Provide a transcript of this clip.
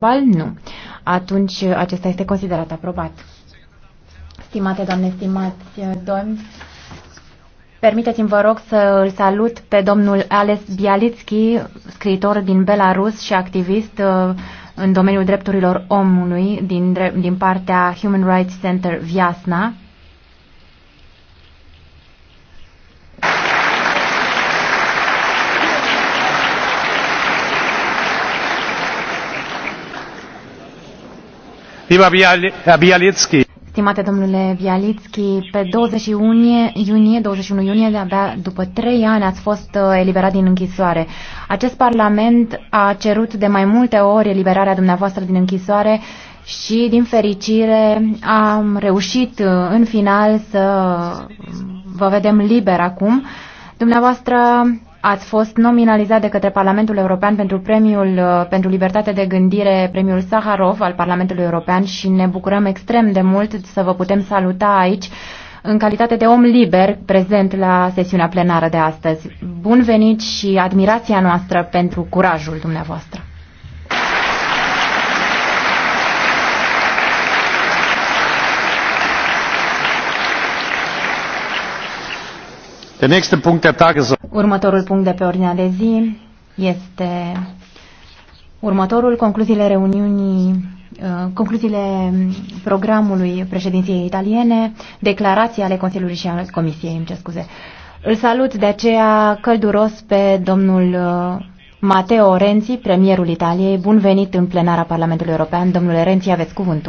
Bal nu. Atunci acesta este considerat aprobat. Stimate doamne, stimați eh, domni, permiteți-mi vă rog să îl salut pe domnul Ales Bialitski, scriitor din Belarus și activist eh, în domeniul drepturilor omului din, din partea Human Rights Center Viasna. Stimate domnule Bialitski, pe 21 iunie, 21 iunie, de-abia după trei ani ați fost uh, eliberat din închisoare. Acest parlament a cerut de mai multe ori eliberarea dumneavoastră din închisoare și, din fericire, am reușit uh, în final să uh, vă vedem liber acum. Dumneavoastră ați fost nominalizat de către Parlamentul European pentru premiul uh, pentru libertate de gândire, premiul Saharov al Parlamentului European și ne bucurăm extrem de mult să vă putem saluta aici în calitate de om liber prezent la sesiunea plenară de astăzi. Bun venit și admirația noastră pentru curajul dumneavoastră. The next Punkt der Tagesordnung. Următorul punct de pe ordinea de zi este următorul, concluziile reuniunii, uh, concluziile programului președinției italiene, declarații ale Consiliului și al Comisiei, îmi scuze. Îl salut de aceea călduros pe domnul uh, Matteo Renzi, premierul Italiei. Bun venit în plenara Parlamentului European. Domnule Renzi, aveți cuvântul.